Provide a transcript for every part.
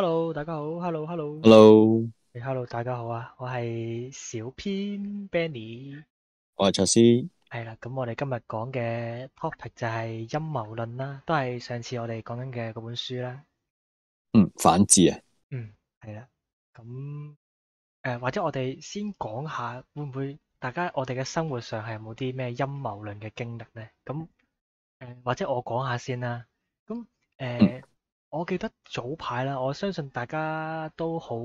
hello，大家好，hello，hello，hello，誒，hello，大家好啊，我係小編 Benny，我係卓斯，係啦，咁我哋今日講嘅 topic 就係陰謀論啦，都係上次我哋講緊嘅嗰本書啦，嗯，反智啊，嗯，係啦，咁誒、呃、或者我哋先講下會唔會大家我哋嘅生活上係有冇啲咩陰謀論嘅經歷咧？咁誒、呃、或者我講下先啦，咁誒。呃嗯我記得早排啦，我相信大家都好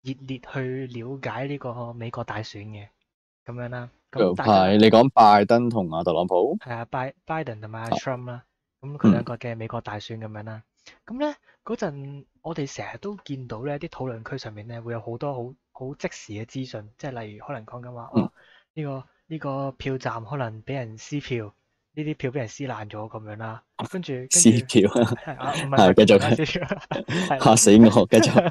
熱烈去了解呢個美國大選嘅咁樣啦。早排，你講拜登同阿特朗普？係啊，拜拜登同埋阿 Trump 啦，咁佢兩個嘅美國大選咁、嗯、樣啦。咁咧嗰陣，我哋成日都見到咧，啲討論區上面咧會有好多好好即時嘅資訊，即係例如可能講緊話哦，呢、呢個呢、呢個票站可能俾人撕票。呢啲票俾人撕爛咗，咁樣啦，跟住撕票啊，係繼續繼續吓死我，繼續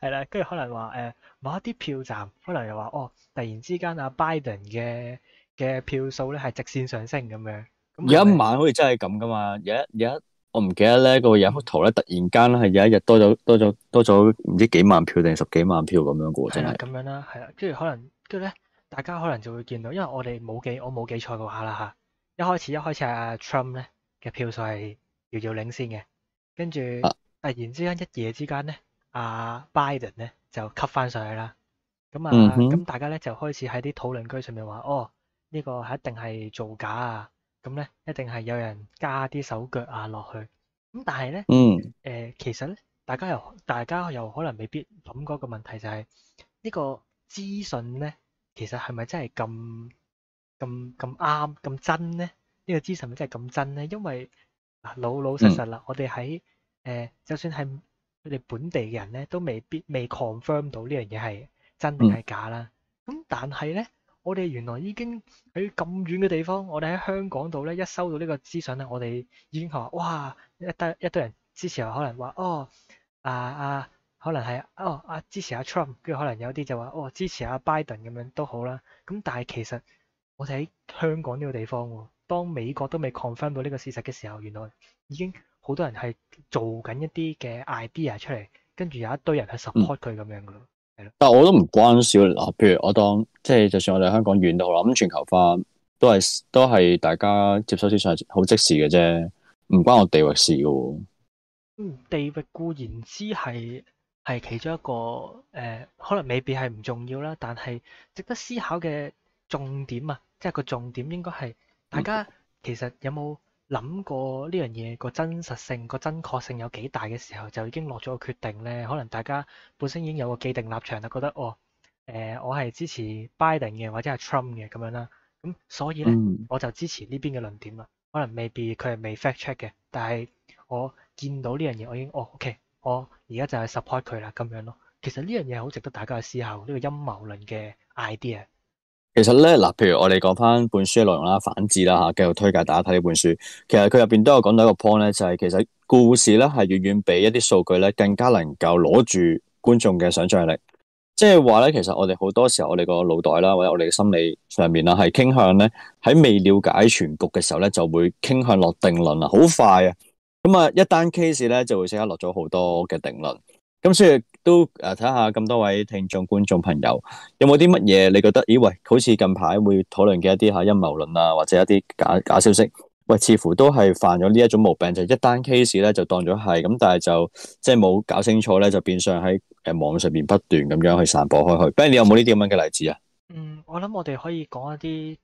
係啦，跟住可能話誒，某一啲票站可能又話哦，突然之間阿 Biden 嘅嘅票數咧係直線上升咁樣。有一晚好似真係咁噶嘛，有一有一我唔記得咧，個有幅圖咧，突然間咧係有一日多咗多咗多咗唔知幾萬票定係十幾萬票咁樣噶喎，真係咁樣啦，係啦，跟住可能跟住咧，大家可能就會見到，因為我哋冇記，我冇記錯嘅話啦吓。一開始一開始阿 Trump 咧嘅票數係遙遙領先嘅，跟住突然之間一夜之間咧，阿 Biden 咧就吸翻上去啦。咁啊，咁、嗯、哼大家咧就開始喺啲討論區上面話，哦，呢、這個係一定係造假啊！咁咧一定係有人加啲手腳啊落去。咁但係咧，誒、嗯呃，其實咧，大家又大家又可能未必諗嗰個問題就係、是、呢、這個資訊咧，其實係咪真係咁？咁咁啱咁真咧？這個、真的真呢個資訊咪真係咁真咧？因為嗱老老實實啦，嗯、我哋喺誒，就算係佢哋本地嘅人咧，都未必未 confirm 到這呢樣嘢係真定係假啦。咁但係咧，我哋原來已經喺咁遠嘅地方，我哋喺香港度咧，一收到這個資訊呢個資訊咧，我哋已經話哇，一堆一堆人支持我、哦、啊、啊，可能話哦啊啊，可能係哦啊支持阿 Trump，跟住可能有啲就話哦支持阿 Biden 咁樣都好啦。咁但係其實，我睇香港呢個地方喎，當美國都未 confirm 到呢個事實嘅時候，原來已經好多人係做緊一啲嘅 idea 出嚟，跟住有一堆人係 support 佢咁樣嘅咯，係咯、嗯。但係我都唔關少，嗱，譬如我當即係就算我哋香港遠到啦，咁全球化都係都係大家接收資訊好即時嘅啫，唔關我地域事嘅。嗯，地域固然之係係其中一個誒、呃，可能未必係唔重要啦，但係值得思考嘅。重點啊，即係個重點應該係大家其實有冇諗過呢樣嘢個真實性、個、嗯、真確性有幾大嘅時候就已經落咗個決定咧？可能大家本身已經有個既定立場就覺得哦，誒、呃、我係支持 Biden 嘅或者係 Trump 嘅咁樣啦。咁所以咧、嗯、我就支持呢邊嘅論點啦。可能未必佢係未 fact check 嘅，但係我見到呢樣嘢我已經哦，OK，我而家就係 support 佢啦咁樣咯。其實呢樣嘢好值得大家去思考呢、這個陰謀論嘅 idea。其實咧嗱，譬如我哋講翻本書嘅內容啦，反智啦吓，繼續推介大家睇呢本書。其實佢入邊都有講到一個 point 咧，就係其實故事咧係遠遠比一啲數據咧更加能夠攞住觀眾嘅想象力。即係話咧，其實我哋好多時候我哋個腦袋啦，或者我哋嘅心理上面啦，係傾向咧喺未了解全局嘅時候咧，就會傾向落定論啊，好快啊。咁啊，一單 case 咧就會即刻落咗好多嘅定論。咁所以。都誒睇下咁多位聽眾、觀眾朋友，有冇啲乜嘢？你覺得咦，喂，好似近排會討論嘅一啲嚇陰謀論啊，或者一啲假假消息，喂，似乎都係犯咗呢一種毛病，就一單 case 咧就當咗係，咁但係就即係冇搞清楚咧，就變相喺誒網上面不斷咁樣去散播開去。Ben，你有冇呢啲咁樣嘅例子啊？嗯，我諗我哋可以講一啲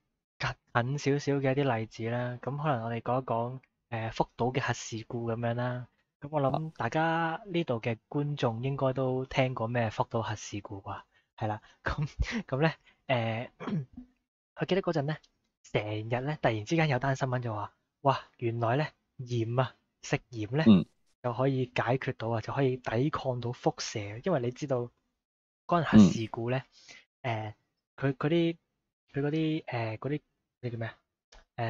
近少少嘅一啲例子啦。咁可能我哋講一講誒福島嘅核事故咁樣啦。咁我諗大家呢度嘅觀眾應該都聽過咩福島核事故啩？係啦，咁咁咧，誒，我、呃、記得嗰陣咧，成日咧突然之間有單新聞就話，哇，原來咧鹽啊，食鹽咧，就可以解決到啊，就可以抵抗到輻射，因為你知道嗰陣核事故咧，誒、呃，佢嗰啲佢嗰啲誒嗰啲，你叫咩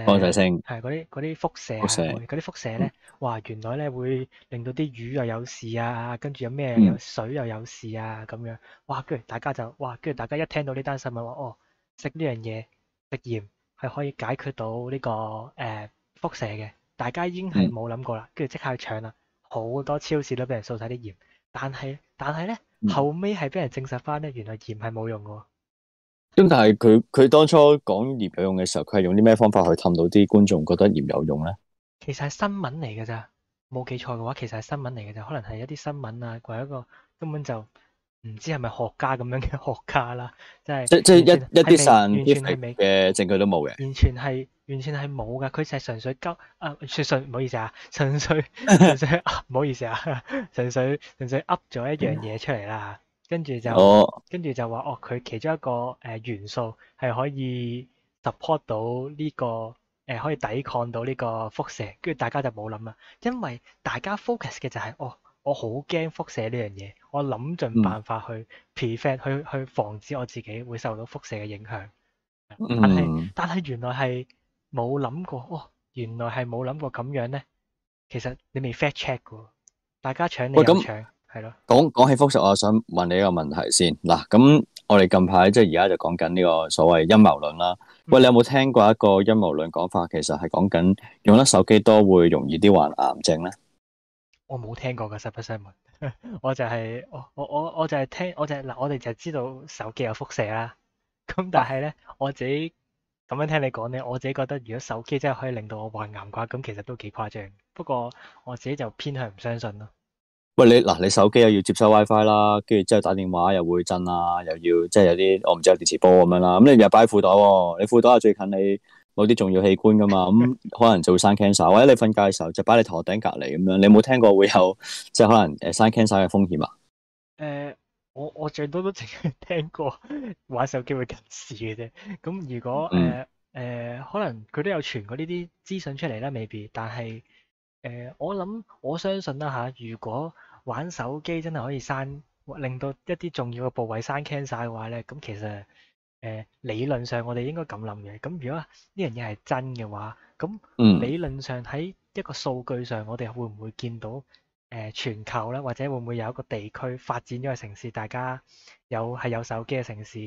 多謝聲，係嗰啲嗰啲輻射，嗰啲輻射咧，射呢哇，原來咧會令到啲魚又有事啊，跟住有咩水又有事啊，咁樣，哇，跟住大家就，哇，跟住大家一聽到呢單新聞話，哦，食呢樣嘢食鹽係可以解決到呢、這個誒輻、呃、射嘅，大家已經係冇諗過啦，跟住即刻去搶啦，好多超市都俾人掃晒啲鹽，但係但係咧、嗯、後尾係俾人證實翻咧，原來鹽係冇用嘅。咁但係佢佢當初講鹽有用嘅時候，佢係用啲咩方法去氹到啲觀眾覺得鹽有用咧？其實係新聞嚟噶咋，冇記錯嘅話，其實係新聞嚟嘅就，可能係一啲新聞啊，或者一個根本就唔知係咪學家咁樣嘅學家啦，即係即即係全一一啲神嘅證據都冇嘅，完全係完全係冇噶，佢就係純粹交誒、啊，純純唔好意思啊，純粹即係唔好意思啊，純粹純粹噏咗一樣嘢出嚟啦。嗯跟住就，oh. 跟住就話哦，佢其中一個誒元、呃、素係可以 support 到呢、呢個誒、呃，可以抵抗到呢個輻射。跟住大家就冇諗啦，因為大家 focus 嘅就係、係、哦，我好驚輻射呢樣嘢，我諗盡辦法去 prevent，、mm. 去去防止我自己會受到輻射嘅影響。但係、mm. 但係原來係冇諗過哦，原來係冇諗過咁樣呢。其實你未 fact check 噶，大家搶你咁搶。係咯，講講是起輻射，我想問你一個問題先。嗱，咁我哋近排即係而家就講緊呢個所謂陰謀論啦。喂，你有冇聽過一個陰謀論講法，其實係講緊用得手機多會容易啲患癌症咧、？ 就是。我冇聽過噶，實不相瞞。我就係我我我就係聽我就嗱，我哋就係知道手機有輻射啦。咁但係咧，啊、我自己咁樣聽你講咧，我自己覺得如果手機真係可以令到我患癌啩，咁其實都幾誇張。不過我自己就偏向唔相信咯。喂，你嗱，你手機又要接收 WiFi 啦，跟住之後打電話又會震啦，又要即係有啲我唔知有電磁波咁樣啦。咁你日日擺褲袋，你褲袋係、喔、最近你某啲重要器官噶嘛？咁、嗯、 可能就會生 cancer。或者你瞓覺嘅時候就擺你頭殼頂隔籬咁樣，你有冇聽過會有即係可能誒、呃、生 cancer 嘅風險啊？誒、呃，我我最多都淨係聽過玩手機會近視嘅啫。咁如果誒誒、嗯呃，可能佢都有傳過呢啲資訊出嚟，啦未必。但係誒、呃，我諗我相信啦、啊、吓，如果玩手機真係可以生，令到一啲重要嘅部位生 cancer 嘅話咧，咁其實誒、呃、理論上我哋應該咁諗嘅。咁如果呢樣嘢係真嘅話，咁理論上喺一個數據上，我哋會唔會見到誒、呃、全球咧，或者會唔會有一個地區發展咗嘅城市，大家有係有手機嘅城市，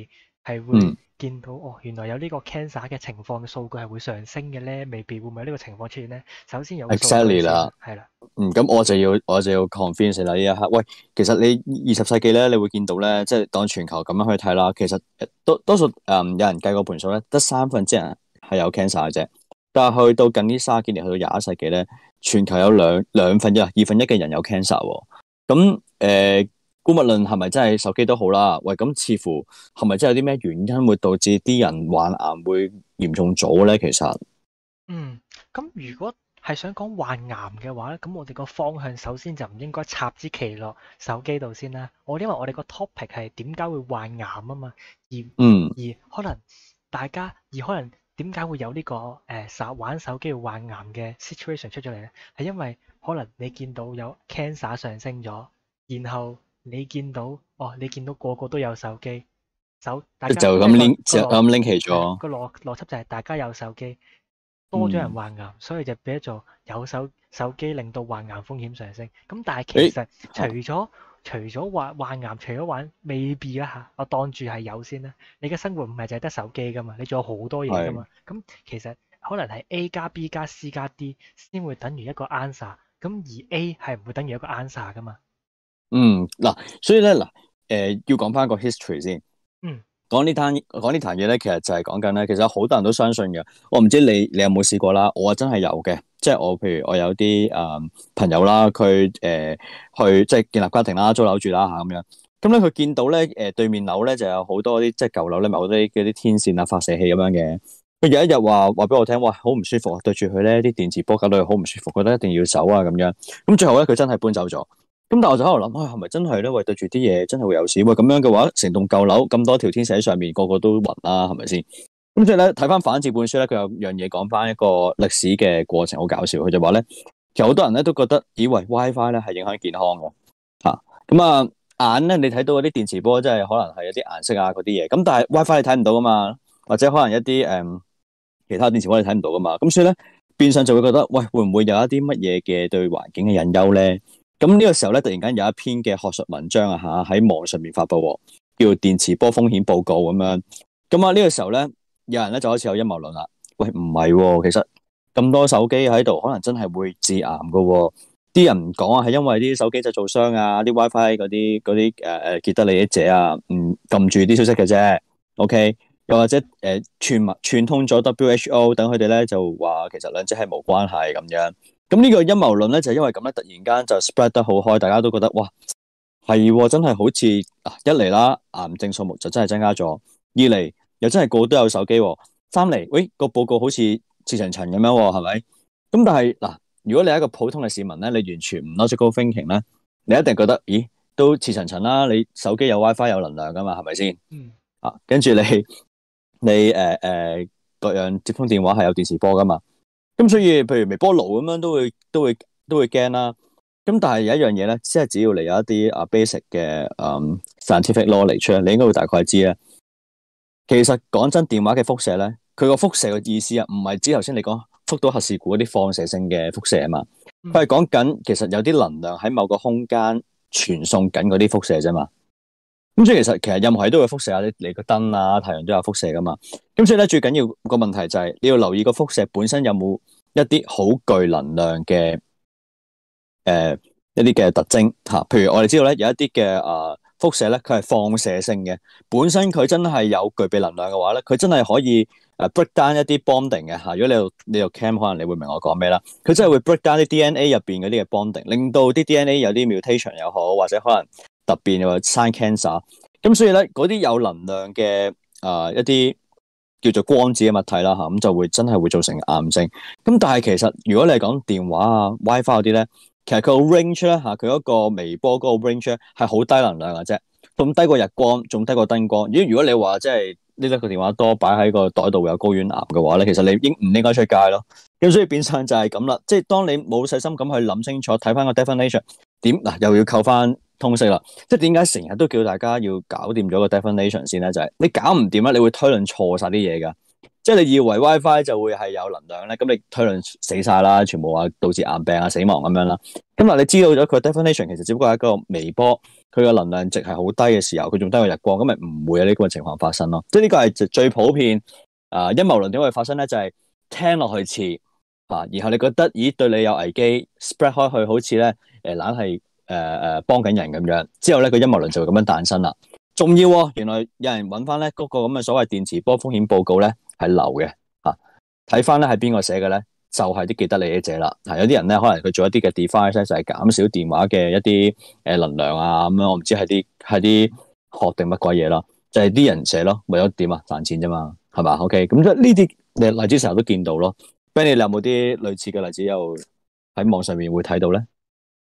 係會見到、嗯、哦，原來有呢個 cancer 嘅情況嘅數據係會上升嘅咧？未必會唔會有呢個情況出現咧？首先有個數據啦，係啦。嗯，咁我就要我就要 convince 啦呢一刻。喂，其實你二十世紀咧，你會見到咧，即、就、係、是、當全球咁樣去睇啦。其實多多數誒、嗯，有人計過盤數咧，得三分之一人係有 cancer 嘅啫。但係去到近呢卅幾年，去到廿一世紀咧，全球有兩兩分一、二分一嘅人有 cancer、哦。咁、嗯、誒、呃，姑勿論係咪真係手機都好啦。喂，咁似乎係咪真係有啲咩原因會導致啲人患癌會嚴重咗咧？其實，嗯，咁如果，係想講患癌嘅話咧，咁我哋個方向首先就唔應該插支旗落手機度先啦。我因為我哋個 topic 係點解會患癌啊嘛，而、嗯、而可能大家而可能點解會有呢、呢個誒、呃、玩手機患癌嘅 situation 出咗嚟咧，係因為可能你見到有 cancer 上升咗，然後你見到哦，你見到個個都有手機，手大家就咁拎就咁拎起咗個邏邏輯就係大家有手機。多咗人患癌，所以就俾咗做有手手機，令到患癌風險上升。咁但係其實除咗咦除咗患患癌，除咗玩，未必啊嚇。我當住係有先啦。你嘅生活唔係淨係得手機噶嘛，你仲有好多嘢噶嘛。咁是其實可能係 A 加 B 加 C 加 D 先會等於一個 answer。咁而 A 係唔會等於一個 answer 噶嘛。嗯，嗱，所以咧嗱，誒要講翻個 history 先。講呢攤講呢壇嘢咧，其實就係講緊咧，其實好多人都相信嘅。我唔知你你有冇試過啦，我真係有嘅。即係我譬如我有啲誒、嗯、朋友啦，佢誒、呃、去即係建立家庭啦，租樓住啦吓咁樣。咁咧佢見到咧誒、呃、對面樓咧就有好多啲即係舊樓咧，咪好多啲嗰啲天線啊、發射器咁樣嘅。佢有一日話話俾我聽，哇，好唔舒服啊，對住佢咧啲電磁波搞到佢好唔舒服，覺得一定要走啊咁樣。咁最後咧佢真係搬走咗。咁但我就喺度諗啊，係、哎、咪真係咧？喂，對住啲嘢真係會有事？喂，咁樣嘅話，成棟舊樓咁多條天線喺上面，個個都暈啦、啊，係咪先？咁即係咧，睇翻《反智》本書咧，佢有樣嘢講翻一個歷史嘅過程，好搞笑。佢就話咧，其實好多人咧都覺得，以為 WiFi 咧係影響健康吓咁啊。嗯、眼咧，你睇到嗰啲電磁波，即係可能係有啲顏色啊嗰啲嘢。咁但係 WiFi 你睇唔到噶嘛？或者可能一啲誒、嗯、其他電磁波你睇唔到噶嘛？咁所以咧，變相就會覺得，喂，會唔會有一啲乜嘢嘅對環境嘅隱憂咧？咁呢個時候咧，突然間有一篇嘅學術文章啊吓喺網上面發布、啊，叫《電磁波風險報告》咁樣。咁啊呢個時候咧，有人咧就開始有陰謀論啦。喂，唔係、啊，其實咁多手機喺度，可能真係會致癌噶。啲人講啊，係因為啲手機製造商啊，啲 WiFi 嗰啲嗰啲誒誒，既得利益者啊，唔、嗯、撳住啲消息嘅啫。OK，又或者誒、啊、串串通咗 WHO 等佢哋咧，就話其實兩者係冇關係咁樣。咁呢個陰謀論咧，就係、是、因為咁咧，突然間就 spread 得好開，大家都覺得哇，係真係好似，一嚟啦，癌症數目就真係增加咗；二嚟又真係個個都有手機、哦；三嚟，喂個報告好似似層層咁樣、哦，係咪？咁但係嗱、啊，如果你係一個普通嘅市民咧，你完全唔 logical thinking 咧，你一定覺得，咦，都似層層啦，你手機有 WiFi 有能量噶嘛，係咪先？嗯。啊，跟住你你誒誒、呃呃、各樣接通電話係有電視波噶嘛？咁所以，譬如微波爐咁樣都，都會都會都會驚啦。咁但係有一樣嘢咧，即係只要你有一啲啊 basic 嘅誒 scientific law 嚟出，你應該會大概知啦。其實講真，電話嘅輻射咧，佢個輻射嘅意思啊，唔係指頭先你講福島核事故嗰啲放射性嘅輻射啊嘛。佢係講緊，其實有啲能量喺某個空間傳送緊嗰啲輻射啫嘛。咁所以其實其實任何嘢都有輻射下啲，你個燈啊，太陽都有輻射噶嘛。咁所以咧最緊要個問題就係、是、你要留意個輻射本身有冇一啲好具能量嘅誒、呃、一啲嘅特徵吓、啊。譬如我哋知道咧有一啲嘅誒輻射咧，佢係放射性嘅，本身佢真係有具備能量嘅話咧，佢真係可以誒 break down 一啲 bonding 嘅吓、啊。如果你有你有 cam，可能你會明我講咩啦。佢真係會 break down 啲 DNA 入邊嗰啲嘅 bonding，令到啲 DNA 有啲 mutation 又好，或者可能。特別又話生 cancer，咁所以咧嗰啲有能量嘅誒、呃、一啲叫做光子嘅物體啦吓，咁、啊、就會真係會造成癌症。咁但係其實如果你講電話啊、WiFi 嗰啲咧，其實佢個 range 咧吓，佢、啊、嗰個微波嗰個 range 係好低能量嘅啫，咁低過日光，仲低過燈光。如果如果你話即係拎得個電話多擺喺個袋度會有高遠癌嘅話咧，其實你應唔應該出街咯？咁所以變相就係咁啦，即係當你冇細心咁去諗清楚，睇翻個 definition 點嗱、啊，又要扣翻。通識啦，即係點解成日都叫大家要搞掂咗個 definition 先咧？就係、是、你搞唔掂咧，你會推論錯晒啲嘢㗎。即係你以為 WiFi 就會係有能量咧，咁你推論死晒啦，全部話導致癌病啊、死亡咁樣啦。咁啊，你知道咗佢 definition 其實只不過係一個微波，佢個能量值係好低嘅時候，佢仲低過日光，咁咪唔會有呢個情況發生咯。即係呢個係最普遍啊陰謀論點會發生咧？就係、是、聽落去似啊，然後你覺得咦對你有危機，spread 開去好似咧誒冷氣。誒誒，幫緊、呃、人咁樣，之後咧個陰謀論就咁樣誕生啦。仲要喎、啊，原來有人搵翻咧嗰個咁嘅所謂電磁波風險報告咧係流嘅吓，睇翻咧係邊個寫嘅咧，就係、是、啲既得利益者啦、啊。有啲人咧，可能佢做一啲嘅 device 就係、是、減少電話嘅一啲誒能量啊咁樣，我唔知係啲係啲學定乜鬼嘢啦，就係、是、啲人寫咯，為咗點啊賺錢啫嘛，係嘛？OK，咁即呢啲例子成日都見到咯。Benny，你有冇啲類似嘅例子又喺網上面會睇到咧？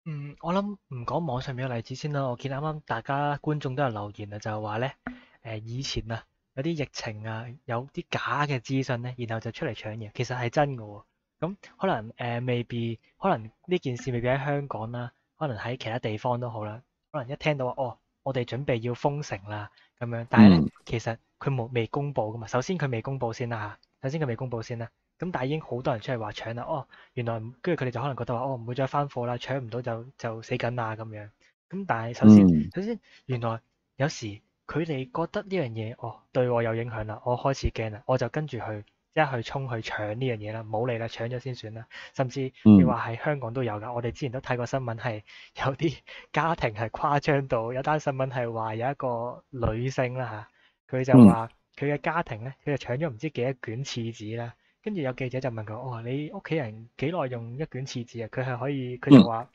嗯，我諗唔講網上面嘅例子先啦，我見啱啱大家觀眾都有留言啊，就係話咧，誒、呃、以前啊有啲疫情啊有啲假嘅資訊咧，然後就出嚟搶嘢，其實係真嘅。哦。咁、嗯、可能誒未必可能呢件事未必喺香港啦，可能喺其他地方都好啦。可能一聽到哦，我哋準備要封城啦咁樣，但係咧其實佢冇未公布噶嘛，首先佢未公布先啦吓，首先佢未公布先啦。咁但係已經好多人出嚟話搶啦。哦，原來跟住佢哋就可能覺得話，哦，唔會再翻貨啦，搶唔到就就死緊啦咁樣。咁但係首先、嗯、首先原來有時佢哋覺得呢樣嘢，哦對我有影響啦，我開始驚啦，我就跟住去即刻去衝去搶呢樣嘢啦，冇理啦，搶咗先算啦。甚至你話喺香港都有噶，我哋之前都睇過新聞係有啲家庭係誇張到有單新聞係話有一個女性啦嚇，佢就話佢嘅家庭咧，佢就搶咗唔知幾多卷廁紙啦。跟住有記者就問佢，哦，你屋企人幾耐用一卷廁紙啊？佢係可以，佢就話，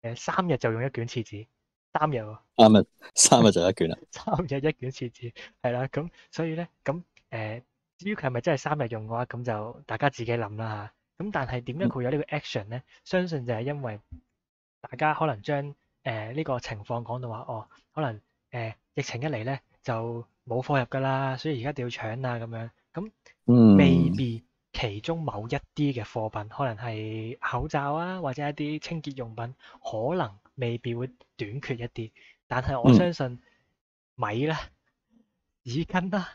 誒三日就用一卷廁紙，三日喎。三日，三日就一卷啦。三日一卷廁紙，係啦。咁所以咧，咁誒，至於佢係咪真係三日用嘅話，咁就大家自己諗啦嚇。咁但係點解佢有呢個 action 咧？相信就係因為大家可能將誒呢個情況講到話，哦，可能誒疫情一嚟咧就冇貨入噶啦，所以而家一定要搶啊咁樣。咁，嗯，maybe。其中某一啲嘅貨品，可能係口罩啊，或者一啲清潔用品，可能未必會短缺一啲。但係我相信米啦、紙巾啦，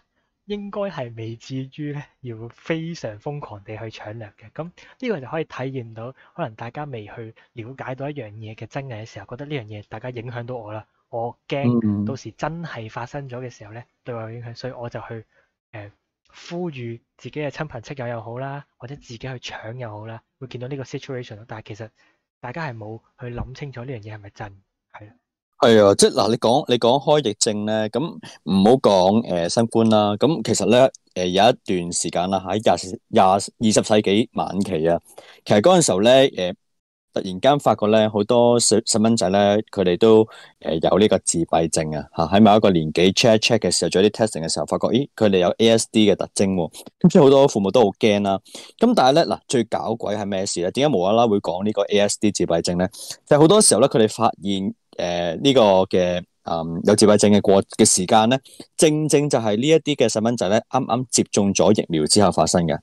應該係未至於咧要非常瘋狂地去搶掠嘅。咁呢個就可以體現到，可能大家未去了解到一樣嘢嘅真偽嘅時候，覺得呢樣嘢大家影響到我啦，我驚到時真係發生咗嘅時候咧，對我有影響，所以我就去、呃呼籲自己嘅親朋戚友又好啦，或者自己去搶又好啦，會見到呢個 situation 咯。但係其實大家係冇去諗清楚呢樣嘢係咪真係啊？係啊，即係嗱，你講你講開疫症咧，咁唔好講誒新冠啦。咁其實咧，誒、呃、有一段時間啦，喺廿廿二十世紀晚期啊，其實嗰陣時候咧，誒、呃。突然間發覺咧，好多細細蚊仔咧，佢哋都誒有呢個自閉症啊！吓喺某一個年紀 check check 嘅時候，做啲 testing 嘅時候，發覺咦，佢哋有 ASD 嘅特徵。咁所以好多父母都好驚啦。咁但係咧嗱，最搞鬼係咩事咧？點解無啦啦會講呢個 ASD 自閉症咧？就係好多時候咧，佢哋發現誒呢個嘅誒有自閉症嘅過嘅時間咧，正正就係呢一啲嘅細蚊仔咧，啱啱接種咗疫苗之後發生嘅。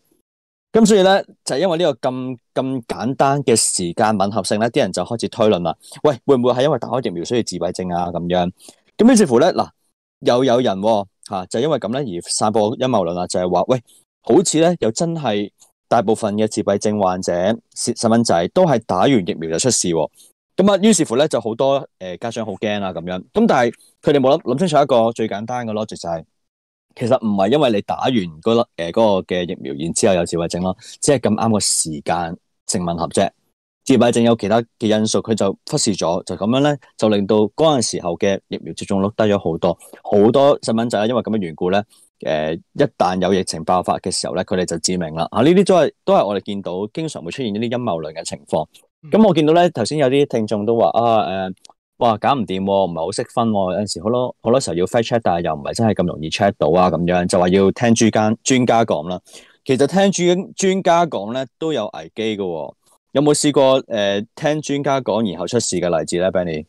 咁所以咧，就係、因為呢個咁咁簡單嘅時間吻合性咧，啲人就開始推論啦。喂，會唔會係因為打開疫苗需要自閉症啊？咁樣咁於是乎咧，嗱，又有人吓、哦啊、就係、因為咁咧而散播陰謀論啦，就係、係、話喂，好似咧又真係大部分嘅自閉症患者細蚊仔都係打完疫苗就出事、哦。咁、呃、啊，於是乎咧就好多誒家長好驚啦，咁樣咁但係佢哋冇諗諗清楚一個最簡單嘅 logic 就係、係。其實唔係因為你打完嗰粒誒個嘅、呃那個、疫苗，然之後有自閉症咯，只係咁啱個時間正吻合啫。自閉症有其他嘅因素，佢就忽視咗，就咁樣咧，就令到嗰陣時候嘅疫苗接種率低咗好多。好多細蚊仔啊，因為咁嘅緣故咧，誒、呃，一旦有疫情爆發嘅時候咧，佢哋就致命啦。吓、啊，呢啲都係都係我哋見到，經常會出現呢啲陰謀論嘅情況。咁我見到咧，頭先有啲聽眾都話啊，誒、呃。哇，搞唔掂，唔係好識分，有陣時好多好多時候要 f 飛 check，但係又唔係真係咁容易 check 到啊，咁樣就話要聽專家專家講啦。其實聽專專家講咧都有危機㗎，有冇試過誒、呃、聽專家講然後出事嘅例子咧？Benny，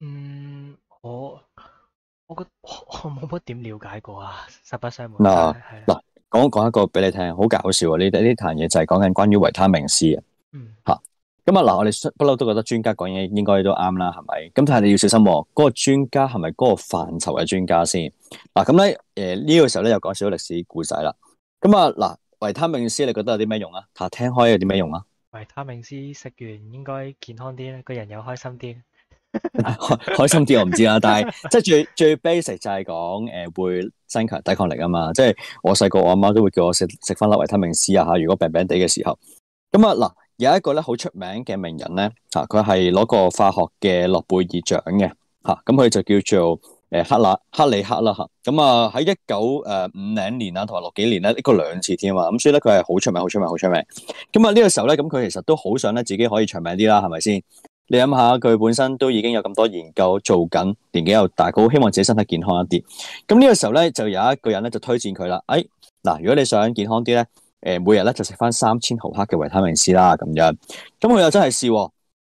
嗯，我我覺我冇乜點了解過啊，實不相瞞。嗱嗱那，講講一個俾你聽，好搞笑啊！呢啲呢壇嘢就係講緊關於維他命 C。咁啊，嗱，我哋不嬲都覺得專家講嘢應該都啱啦，係咪？咁但係你要小心喎，嗰、嗰個專家係咪嗰個範疇嘅專家先？嗱、啊，咁咧，呢、呃呢個時候咧又講少少歷史故仔啦。咁啊，嗱、啊，維他命 C，你覺得有啲咩用啊？嚇，聽開有啲咩用啊？維他命 C 食完應該健康啲咧，個人又開心啲、 啊。開心啲我唔知啦， 但係即最最 basic 就係講誒會增強抵抗力啊嘛，即係我細個我阿媽都會叫我食食翻粒維他命 C 啊嚇，如果病病地嘅時候。咁啊，嗱、啊。啊有一個咧好出名嘅名人咧嚇，佢係攞過化學嘅諾貝爾獎嘅嚇，咁佢就叫做誒克拉克里克啦嚇，咁啊喺一九誒五零年啊同埋六幾年咧，拎過兩次添啊，咁所以咧佢係好出名、好出名、好出名。咁啊呢個時候咧，咁佢其實都好想咧自己可以長命啲啦，係咪先？你諗下，佢本身都已經有咁多研究做緊，年紀又大，佢好希望自己身體健康一啲。咁呢個時候咧，就有一個人咧就推薦佢啦。誒嗱，如果你想健康啲咧。誒，每日咧就食返三千毫克嘅維他命 C 啦，咁樣，咁我又真係試，試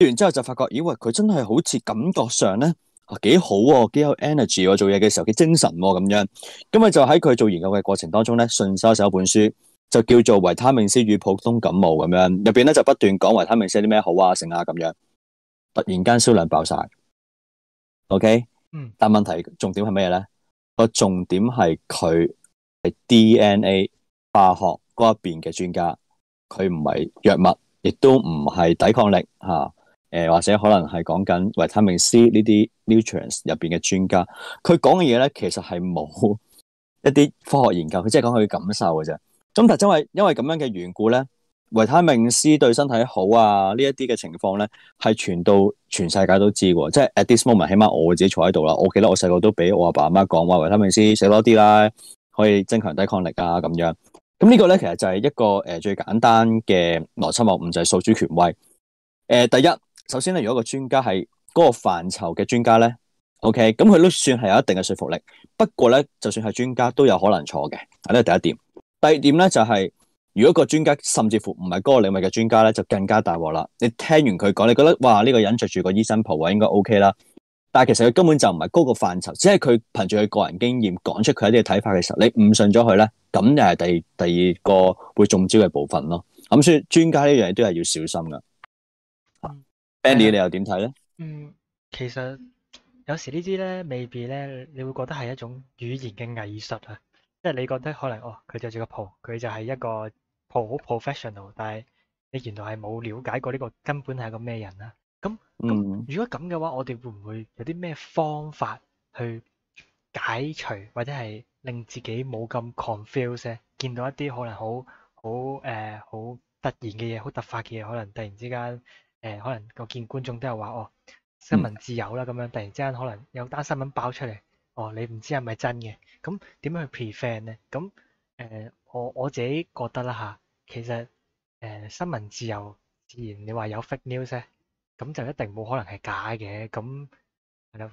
完之後就發覺，咦喂，佢真係好似感覺上咧，啊，幾好喎、啊，幾有 energy 喎、啊，做嘢嘅時候幾精神咁、啊、樣，咁啊就喺佢做研究嘅過程當中咧，順手寫一本書，就叫做《維他命 C 與普通感冒》咁樣，入邊咧就不斷講維他命 C 啲咩好啊，成啊，咁樣，突然間銷量爆晒，OK，、嗯、但問題重點係咩咧？個重點係佢係 DNA 化學。嗰一邊嘅專家，佢唔係藥物，亦都唔係抵抗力吓，誒、啊呃、或者可能係講緊維他命 C 呢啲 nutrients 入邊嘅專家，佢講嘅嘢咧，其實係冇一啲科學研究，佢即係講佢感受嘅啫。咁但係因為因為咁樣嘅緣故咧，維他命 C 對身體好啊呢一啲嘅情況咧，係傳到全世界都知嘅，即係 at this moment 起碼我自己坐喺度啦，我記得我細個都俾我阿爸阿媽講話維他命 C 食多啲啦，可以增強抵抗力啊咁樣。咁呢個咧，其實就係一個誒、呃、最簡單嘅邏輯謬誤，就係訴諸權威。誒、呃，第一，首先咧，如果個專家係嗰個範疇嘅專家咧，OK，咁佢都算係有一定嘅說服力。不過咧，就算係專家，都有可能錯嘅，呢、啊、係第一點。第二點咧，就係、是、如果個專家甚至乎唔係嗰個領域嘅專家咧，就更加大鑊啦。你聽完佢講，你覺得哇，呢、這個人着住個醫生袍，話應該 OK 啦。但係其實佢根本就唔係高個範疇，只係佢憑住佢個人經驗講出佢一啲嘅睇法嘅時候，你誤信咗佢咧，咁又係第第二個會中招嘅部分咯。咁所以專家呢樣嘢都係要小心噶。Andy 你又點睇咧？嗯，其實有時呢啲咧，未必咧，你會覺得係一種語言嘅藝術啊，即係你覺得可能哦，佢著住個袍，佢就係一個好 professional，但係你原來係冇了解過呢個根本係一個咩人啊？咁咁，如果咁嘅話，我哋會唔會有啲咩方法去解除或者係令自己冇咁 confuse？見到一啲可能好好誒好突然嘅嘢，好突發嘅嘢，可能突然之間誒、呃，可能我見觀眾都有話哦，新聞自由啦咁樣，突然之間可能有單新聞爆出嚟，哦，你唔知係咪真嘅？咁點樣去 prevent 呢？咁誒、呃，我我自己覺得啦嚇，其實誒、呃、新聞自由自然你話有 fake news。咁就一定冇可能係假嘅，咁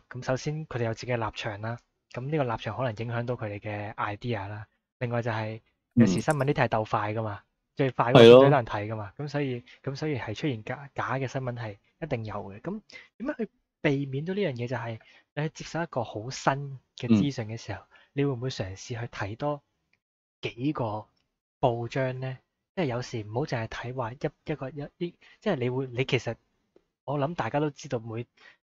咁首先佢哋有自己嘅立場啦，咁呢個立場可能影響到佢哋嘅 idea 啦。另外就係、是、有、嗯、時新聞呢啲係鬥快㗎嘛，最快嗰個最難睇㗎嘛，咁的所以咁所以係出現假假嘅新聞係一定有嘅。咁點樣去避免到呢樣嘢就係、是、你去接受一個好新嘅資訊嘅時候，嗯、你會唔會嘗試去睇多幾個報章咧？即、就、係、是、有時唔好淨係睇話一一個一啲，即係、就是、你會你其實。我諗大家都知道每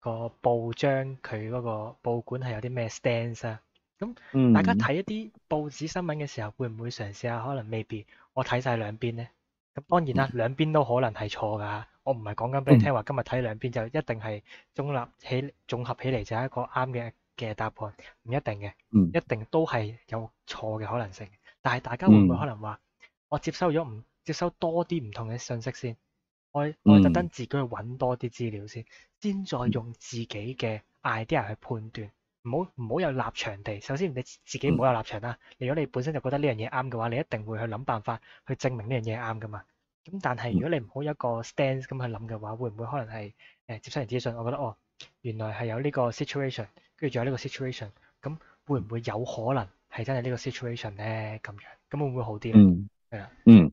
個報章佢嗰個報館係有啲咩 stance 啊，咁大家睇一啲報紙新聞嘅時候，會唔會嘗試下可能 maybe 我睇晒兩邊呢？咁當然啦，兩邊都可能係錯噶吓，我唔係講緊俾你聽話今日睇兩邊就一定係綜合起綜合起嚟就係一個啱嘅嘅答案，唔一定嘅，一定都係有錯嘅可能性。但係大家會唔會可能話我接收咗唔接收多啲唔同嘅信息先？我我特登自己去揾多啲資料先，先再用自己嘅 idea 去判斷，唔好唔好有立場地。首先你自己唔好有立場啦。如果你本身就覺得呢樣嘢啱嘅話，你一定會去諗辦法去證明呢樣嘢啱噶嘛。咁但係如果你唔好一個 stance 咁去諗嘅話，會唔會可能係誒、嗯、接收人資訊接收完資訊，我覺得哦，原來係有呢個 situation，跟住仲有呢個 situation，咁會唔會有可能係真係呢個 situation 咧？咁樣咁會唔會好啲咧？係啊、嗯，嗯。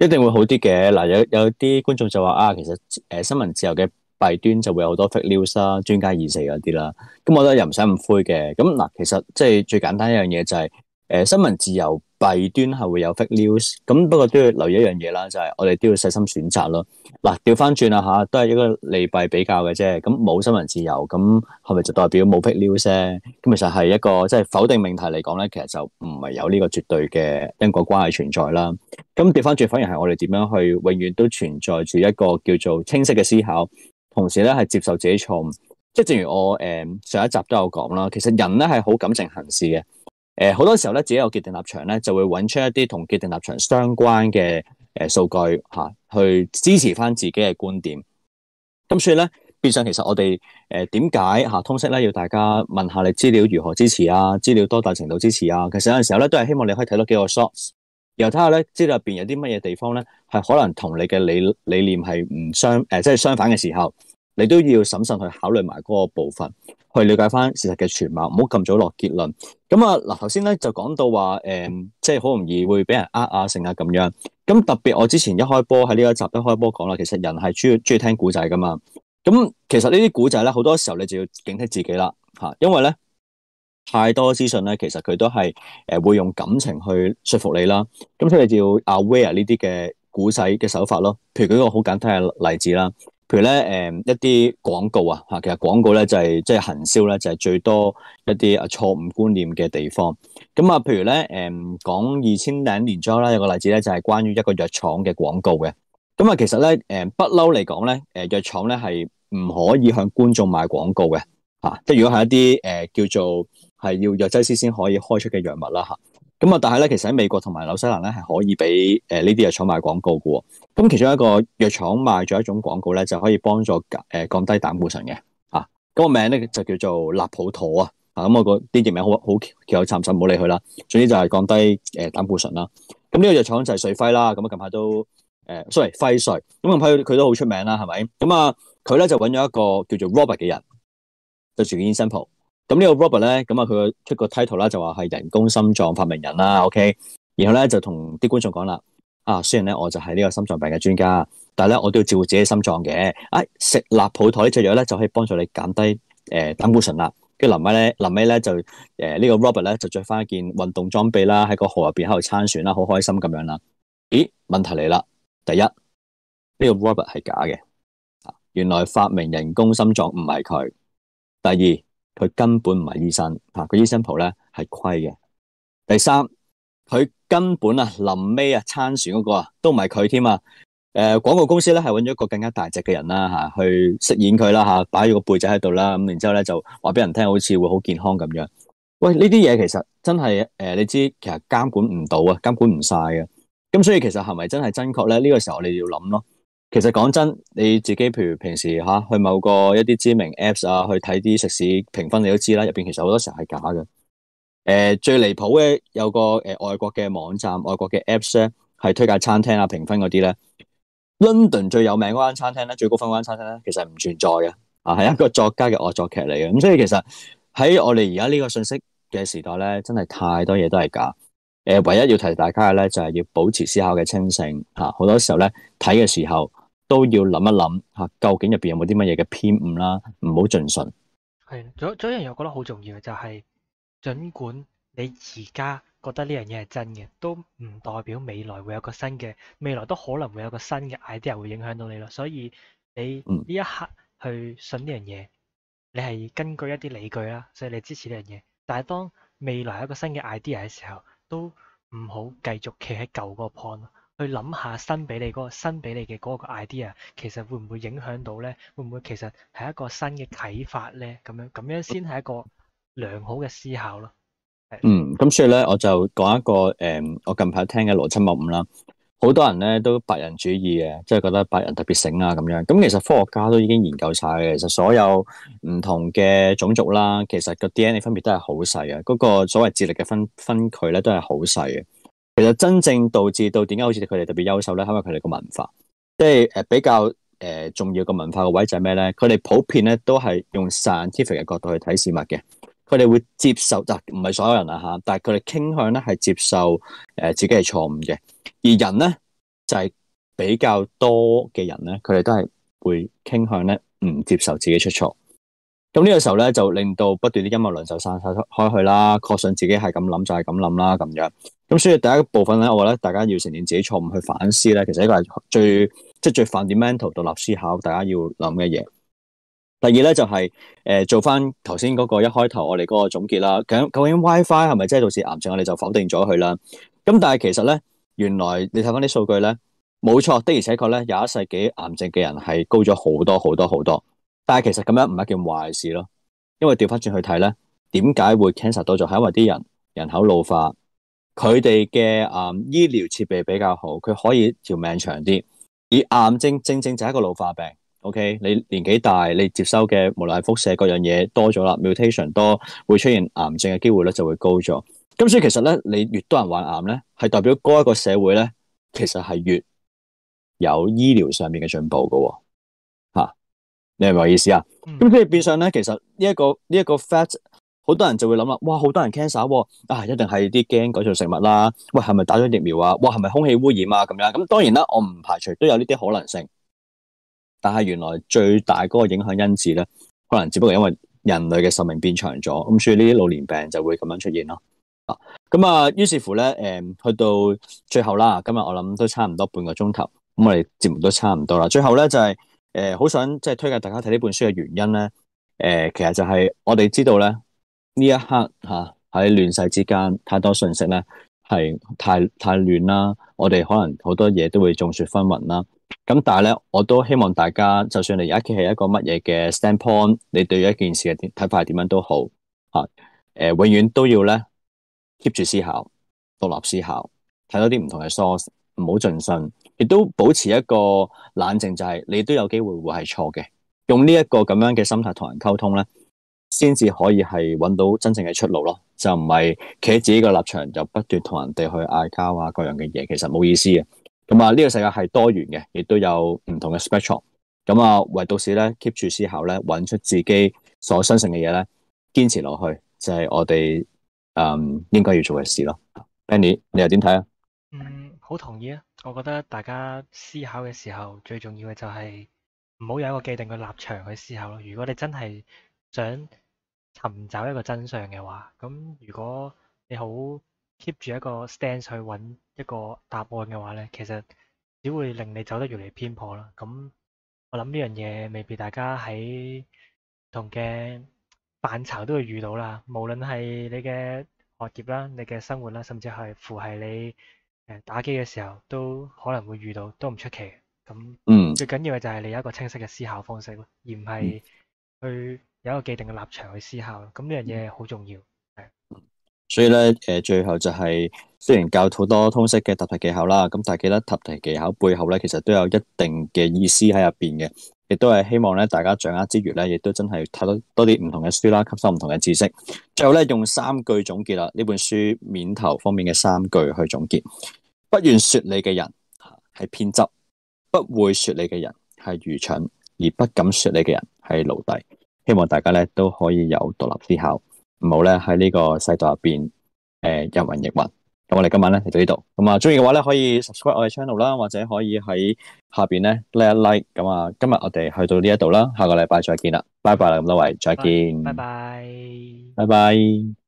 一定會好啲嘅，嗱、啊、有啲觀眾就話啊，其實、呃、新聞自由嘅弊端就會有好多 fake news 啦、啊、專家意識嗰啲啦，咁我覺得又唔使咁灰嘅，咁嗱、啊、其實即係最簡單一樣嘢就係、是呃、新聞自由，弊端係會有 fake news，咁不過都要留意一樣嘢啦，就係、是、我哋都要細心選擇咯。嗱，調翻轉啦吓，都係一個利弊比較嘅啫。咁冇新聞自由，咁係咪就代表冇 fake news 咧？咁其實係一個即係、就是、否定命題嚟講咧，其實就唔係有呢個絕對嘅因果關係存在啦。咁調翻轉，反而係我哋點樣去永遠都存在住一個叫做清晰嘅思考，同時咧係接受自己錯誤。即係正如我誒上一集都有講啦，其實人咧係好感情行事嘅。誒，好多時候咧，自己有決定立場咧，就會揾出一啲同決定立場相關嘅誒數據嚇去支持翻自己嘅觀點。咁所以咧，變相其實我哋誒點解嚇通識咧，要大家問下你資料如何支持啊？資料多大程度支持啊？其實有時候咧，都係希望你可以睇到幾個 shots，然後睇下咧資料入邊有啲乜嘢地方咧，係可能同你嘅理理念係唔相誒，即係相反嘅時候，你都要審慎去考慮埋嗰個部分。去了解翻事實嘅全貌，唔好咁早落結論。咁啊，嗱頭先咧就講到話，誒即係好容易會俾人呃啊，成啊咁樣。咁特別，我之前一開波喺呢一集一開波講啦，其實人係中意中意聽古仔噶嘛。咁其實呢啲古仔咧，好多時候你就要警惕自己啦，吓，因為咧太多資訊咧，其實佢都係誒、呃、會用感情去說服你啦。咁所以你就要 Aware 呢啲嘅古仔嘅手法咯。譬如舉個好簡單嘅例子啦。譬如咧，誒一啲廣告啊，嚇，其實廣告咧就係即係行銷咧，就係最多一啲啊錯誤觀念嘅地方。咁啊，譬如咧，誒講二千零年左右啦，有個例子咧，就係關於一個藥廠嘅廣告嘅。咁啊，其實咧，誒不嬲嚟講咧，誒藥廠咧係唔可以向觀眾賣廣告嘅，嚇。即係如果係一啲誒叫做係要藥劑師先可以開出嘅藥物啦，嚇。咁啊！但係咧，其實喺美國同埋紐西蘭咧，係可以俾呢啲藥廠賣廣告嘅喎。咁其中一個藥廠賣咗一種廣告咧，就可以幫助降低膽固醇嘅。嗰個個名咧就叫做立普妥啊。咁，我個啲嘅名好好有插手，唔好理佢啦。總之就係降低誒膽固醇啦。咁呢個藥廠就係瑞輝啦。咁啊，近排都誒，sorry，輝瑞。咁近排佢都好出名啦，係咪？咁啊，佢咧就揾咗一個叫做 Robert 嘅人，就住 Simple。咁呢個 Robert 咧，咁啊佢出個 title 啦，就話係人工心臟發明人啦。OK，然後咧就同啲觀眾講啦，啊雖然咧我就係呢個心臟病嘅專家，但係咧我都要照顧自己心臟嘅。哎、啊，食立普妥呢隻藥咧就可以幫助你減低誒膽、呃、固醇啦。跟住臨尾咧，臨尾咧就誒呢、呃這個 Robert 咧就着翻一件運動裝備啦，喺個河入邊喺度撐船啦，好開心咁樣啦。咦？問題嚟啦，第一呢、這個 Robert 係假嘅，原來發明人工心臟唔係佢。第二。佢根本唔係醫生吓，個醫生鋪咧係虧嘅。第三，佢根本啊臨尾啊參選嗰、那個啊都唔係佢添啊。誒、呃，廣告公司咧係揾咗一個更加大隻嘅人啦吓、啊，去飾演佢啦吓，擺、啊、咗個背仔喺度啦，咁然之後咧就話俾人聽，好似會好健康咁樣。喂，呢啲嘢其實真係誒、呃，你知其實監管唔到啊，監管唔晒嘅。咁所以其實係咪真係真確咧？呢、這個時候你要諗咯。其實講真，你自己譬如平時吓、啊、去某個一啲知名 apps 啊，去睇啲食肆評分，你都知啦。入邊其實好多時候係假嘅。誒、呃，最離譜嘅有個誒、呃、外國嘅網站、外國嘅 apps 咧，係推介餐廳啊、評分嗰啲咧。London 最有名嗰間餐廳咧，最高分嗰間餐廳咧，其實唔存在嘅，啊，係一個作家嘅惡作劇嚟嘅。咁所以其實喺我哋而家呢個信息嘅時代咧，真係太多嘢都係假。誒、呃，唯一要提大家嘅咧，就係、是、要保持思考嘅清醒。吓、啊，好多時候咧睇嘅時候。都要諗一諗吓，究竟入邊有冇啲乜嘢嘅偏誤啦，唔好盡信。係，仲有仲有一樣嘢，我覺得好重要嘅就係，盡管你而家覺得呢樣嘢係真嘅，都唔代表未來會有個新嘅，未來都可能會有個新嘅 idea 會影響到你咯。所以你呢一刻去信呢樣嘢，嗯、你係根據一啲理據啦，所以你支持呢樣嘢。但係當未來有一個新嘅 idea 嘅時候，都唔好繼續企喺舊個 point。去諗下新俾你嗰個新俾你嘅嗰個 idea，其實會唔會影響到咧？會唔會其實係一個新嘅啟發咧？咁樣咁樣先係一個良好嘅思考咯、嗯。嗯，咁所以咧我就講一個誒，我近排聽嘅邏輯謬誤啦。好多人咧都白人主義嘅，即、就、係、是、覺得白人特別醒啊咁樣。咁其實科學家都已經研究晒嘅，其實所有唔同嘅種族啦，其實個 DNA 分別都係好細嘅，嗰、那個所謂智力嘅分分區咧都係好細嘅。其實真正導致到點解好似佢哋特別優秀咧，係因為佢哋個文化，即係誒比較誒、呃、重要個文化個位就係咩咧？佢哋普遍咧都係用 scientific 嘅角度去睇事物嘅，佢哋會接受，就唔係所有人啦吓、啊，但係佢哋傾向咧係接受誒、呃、自己係錯誤嘅，而人咧就係、是、比較多嘅人咧，佢哋都係會傾向咧唔接受自己出錯，咁呢個時候咧就令到不斷啲陰謀論就散開去啦，確信自己係咁諗就係咁諗啦咁樣。咁所以第一部分咧，我覺得大家要承認自己錯誤去反思咧，其實呢個係最即係、就是、最 fundamental 獨立思考，大家要諗嘅嘢。第二咧就係、是、誒、呃、做翻頭先嗰個一開頭我哋嗰個總結啦。究竟 WiFi 係咪真係導致癌症，我哋就否定咗佢啦。咁但係其實咧，原來你睇翻啲數據咧，冇錯的而且確咧，廿一世紀癌症嘅人係高咗好多好多好多。但係其實咁樣唔係一件壞事咯，因為調翻轉去睇咧，點解會 cancer 多咗？就係、是、因為啲人人口老化。佢哋嘅誒醫療設備比較好，佢可以條命長啲。而癌症正正就係一個老化病，OK？你年紀大，你接收嘅無論係輻射各樣嘢多咗啦，mutation 多，會出現癌症嘅機會率就會高咗。咁所以其實咧，你越多人患癌咧，係代表嗰一個社會咧，其實係越有醫療上面嘅進步㗎喎、啊啊。你係咪意思啊？咁所以變相咧，其實呢一個呢一個 fact 好多人就會諗啦，哇，好多人 cancer，啊，啊，一定係啲基因改造食物啦，啊。喂，係咪打咗疫苗啊？哇，係咪空氣污染啊？咁樣咁，當然啦，我唔排除都有呢啲可能性，但係原來最大嗰個影響因子咧，可能只不過因為人類嘅壽命變長咗，咁所以呢啲老年病就會咁樣出現咯。啊，咁啊，於是乎咧，誒，去到最後啦，今日我諗都差唔多半個鐘頭，咁我哋節目都差唔多啦。最後咧就係、是、誒，好、呃、想即係推介大家睇呢本書嘅原因咧，誒、呃，其實就係我哋知道咧。呢一刻嚇喺亂世之間，太多信息咧，係太太亂啦。我哋可能好多嘢都會眾說紛紜啦。咁但係咧，我都希望大家，就算你而家企喺一個乜嘢嘅 standpoint，你對一件事嘅睇法係點樣都好嚇。誒，永遠都要咧 keep 住思考，獨立思考，睇多啲唔同嘅 source，唔好盡信，亦都保持一個冷靜，就係你都有機會會係錯嘅。用呢一個咁樣嘅心態同人溝通咧。先至可以係搵到真正嘅出路咯，就唔係企喺自己嘅立場，就不斷同人哋去嗌交啊，各樣嘅嘢，其實冇意思嘅。咁啊，呢、這個世界係多元嘅，亦都有唔同嘅 spectrum。咁啊，唯到是咧，keep 住思考咧，搵出自己所相信嘅嘢咧，堅持落去，就係、是、我哋誒、嗯、應該要做嘅事咯。Penny，你又點睇啊？嗯，好同意啊。我覺得大家思考嘅時候，最重要嘅就係唔好有一個既定嘅立場去思考咯。如果你真係想尋找一個真相嘅話，咁如果你好 keep 住一個 stance 去揾一個答案嘅話呢，其實只會令你走得越嚟越偏頗啦。咁我諗呢樣嘢未必大家喺同嘅範疇都會遇到啦。無論係你嘅學業啦、你嘅生活啦，甚至係附係你打機嘅時候，都可能會遇到，都唔出奇。咁最緊要嘅就係你有一個清晰嘅思考方式咯，而唔係去。有一個既定嘅立場去思考，咁呢樣嘢好重要。所以咧，誒，最後就係、是、雖然教好多通識嘅答題技巧啦，咁但係記得答題技巧背後咧，其實都有一定嘅意思喺入邊嘅，亦都係希望咧大家掌握之餘咧，亦都真係睇多多啲唔同嘅書啦，吸收唔同嘅知識。最後咧，用三句總結啦，呢本書面頭方面嘅三句去總結：不願說你嘅人係偏執，不會說你嘅人係愚蠢，而不敢說你嘅人係奴隸。希望大家咧都可以有獨立思考，唔好咧喺呢個世代入邊誒人云亦云。咁我哋今晚咧嚟到呢度。咁啊，中意嘅話咧可以 subscribe 我嘅 channel 啦，或者可以喺下邊咧撳一 like。咁啊，今日我哋去到呢一度啦，下個禮拜再見啦，拜拜啦，咁多位再見，拜拜，拜拜。